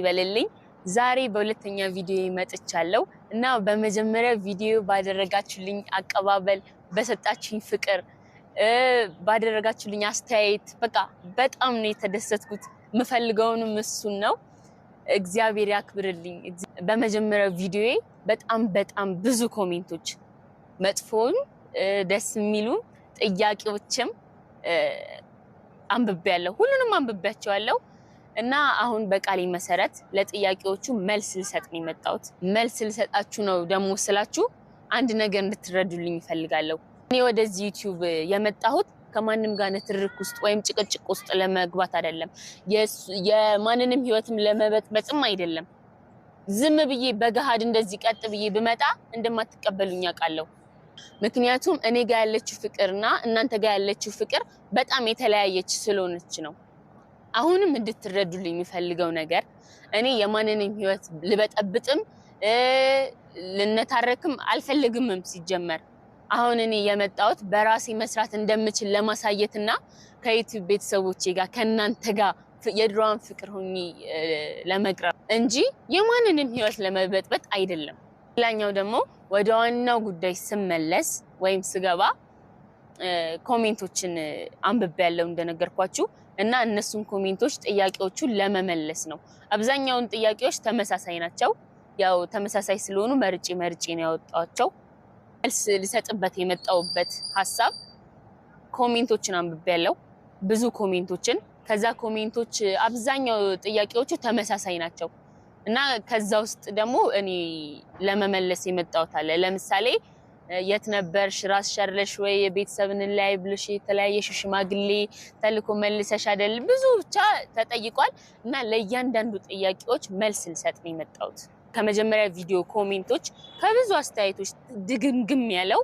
ይበልልኝ። ዛሬ በሁለተኛ ቪዲዮ መጥቻለሁ እና በመጀመሪያ ቪዲዮ ባደረጋችሁልኝ አቀባበል፣ በሰጣችሁኝ ፍቅር፣ ባደረጋችሁልኝ አስተያየት በቃ በጣም ነው የተደሰትኩት። የምፈልገውንም እሱን ነው። እግዚአብሔር ያክብርልኝ። በመጀመሪያው ቪዲዮ በጣም በጣም ብዙ ኮሜንቶች መጥፎም ደስ የሚሉ ጥያቄዎችም አንብቤያለሁ። ሁሉንም አንብቤያቸዋለሁ። እና አሁን በቃሌ መሰረት ለጥያቄዎቹ መልስ ልሰጥ ነው የመጣሁት። መልስ ልሰጣችሁ ነው ደግሞ ስላችሁ አንድ ነገር እንድትረዱልኝ ይፈልጋለሁ። እኔ ወደዚህ ዩቲዩብ የመጣሁት ከማንም ጋር ንትርክ ውስጥ ወይም ጭቅጭቅ ውስጥ ለመግባት አይደለም። የማንንም ህይወትም ለመበጥበጥም አይደለም። ዝም ብዬ በገሃድ እንደዚህ ቀጥ ብዬ ብመጣ እንደማትቀበሉኝ አውቃለሁ። ምክንያቱም እኔ ጋር ያለችው ፍቅርና እናንተ ጋር ያለችው ፍቅር በጣም የተለያየች ስለሆነች ነው። አሁንም እንድትረዱልኝ የሚፈልገው ነገር እኔ የማንንም ህይወት ልበጠብጥም ልነታረክም አልፈልግምም። ሲጀመር አሁን እኔ የመጣሁት በራሴ መስራት እንደምችል ለማሳየትና ከዩቲዩብ ቤተሰቦቼ ጋር ከእናንተ ጋር የድሮዋን ፍቅር ሆኜ ለመቅረብ እንጂ የማንንም ህይወት ለመበጥበጥ አይደለም። ሌላኛው ደግሞ ወደ ዋናው ጉዳይ ስመለስ ወይም ስገባ ኮሜንቶችን አንብቤ ያለው እንደነገርኳችሁ እና እነሱን ኮሜንቶች ጥያቄዎቹን ለመመለስ ነው። አብዛኛውን ጥያቄዎች ተመሳሳይ ናቸው። ያው ተመሳሳይ ስለሆኑ መርጬ መርጬ ነው ያወጣቸው። መልስ ልሰጥበት የመጣውበት ሀሳብ ኮሜንቶችን አንብቤ ያለው ብዙ ኮሜንቶችን ከዛ ኮሜንቶች አብዛኛው ጥያቄዎቹ ተመሳሳይ ናቸው እና ከዛ ውስጥ ደግሞ እኔ ለመመለስ የመጣውታለ ለምሳሌ የት ነበርሽ? ራስሽ ሸርለሽ ወይ ቤተሰብን ላይ ብልሽ የተለያየ ሽማግሌ ተልኮ መልሰሽ አይደል? ብዙ ብቻ ተጠይቋል እና ለእያንዳንዱ ጥያቄዎች መልስ ልሰጥ ነው የመጣሁት። ከመጀመሪያ ቪዲዮ ኮሜንቶች፣ ከብዙ አስተያየቶች ድግምግም ያለው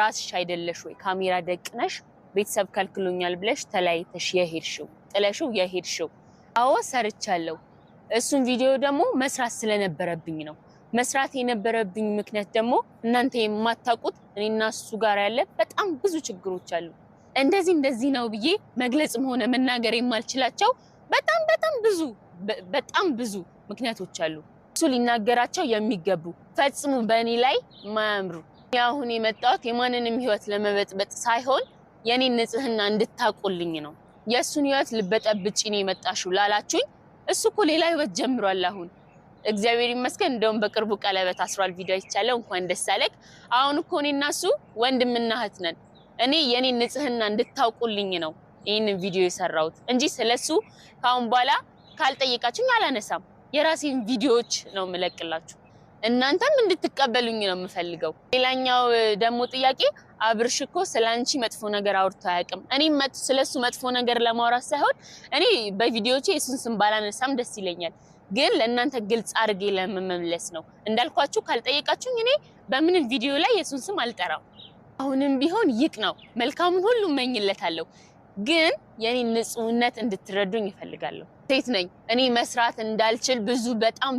ራስሽ አይደለሽ ወይ ካሜራ ደቅነሽ ቤተሰብ ከልክሎኛል ብለሽ ተለያይተሽ የሄድሽው ጥለሽው የሄድሽው? አዎ ሰርቻለሁ። እሱን ቪዲዮ ደግሞ መስራት ስለነበረብኝ ነው መስራት የነበረብኝ ምክንያት ደግሞ እናንተ የማታውቁት እኔና እሱ ጋር ያለ በጣም ብዙ ችግሮች አሉ። እንደዚህ እንደዚህ ነው ብዬ መግለጽም ሆነ መናገር የማልችላቸው በጣም በጣም ብዙ በጣም ብዙ ምክንያቶች አሉ። እሱ ሊናገራቸው የሚገቡ ፈጽሞ በእኔ ላይ ማያምሩ። አሁን የመጣሁት የማንንም ህይወት ለመበጥበጥ ሳይሆን የእኔን ንጽህና እንድታቁልኝ ነው። የእሱን ህይወት ልበጠብጭ ነው የመጣሽው ላላችሁኝ እሱ እኮ ሌላ ህይወት ጀምሯል አሁን እግዚአብሔር ይመስገን። እንደውም በቅርቡ ቀለበት አስሯል። ቪዲዮ አይቻለው። እንኳን ደስ አለክ። አሁን እኮ እኔ እና እሱ ወንድምና እህት ነን። እኔ የኔ ንጽህና እንድታውቁልኝ ነው ይህንን ቪዲዮ የሰራሁት እንጂ ስለሱ ከአሁን በኋላ ካልጠየቃችሁኝ አላነሳም። የራሴን ቪዲዮዎች ነው የምለቅላችሁ። እናንተም እንድትቀበሉኝ ነው የምፈልገው። ሌላኛው ደግሞ ጥያቄ አብርሽ እኮ ስለ አንቺ መጥፎ ነገር አውርቶ አያውቅም። እኔ ስለሱ መጥፎ ነገር ለማውራት ሳይሆን እኔ በቪዲዮቼ የሱን ስም ባላነሳም ደስ ይለኛል። ግን ለእናንተ ግልጽ አድርጌ ለመመለስ ነው። እንዳልኳችሁ ካልጠየቃችሁኝ እኔ በምንም ቪዲዮ ላይ የሱን ስም አልጠራም። አሁንም ቢሆን ይቅ ነው መልካሙን ሁሉ እመኝለታለሁ። ግን የኔ ንጹህነት እንድትረዱኝ ይፈልጋለሁ። ሴት ነኝ እኔ መስራት እንዳልችል ብዙ በጣም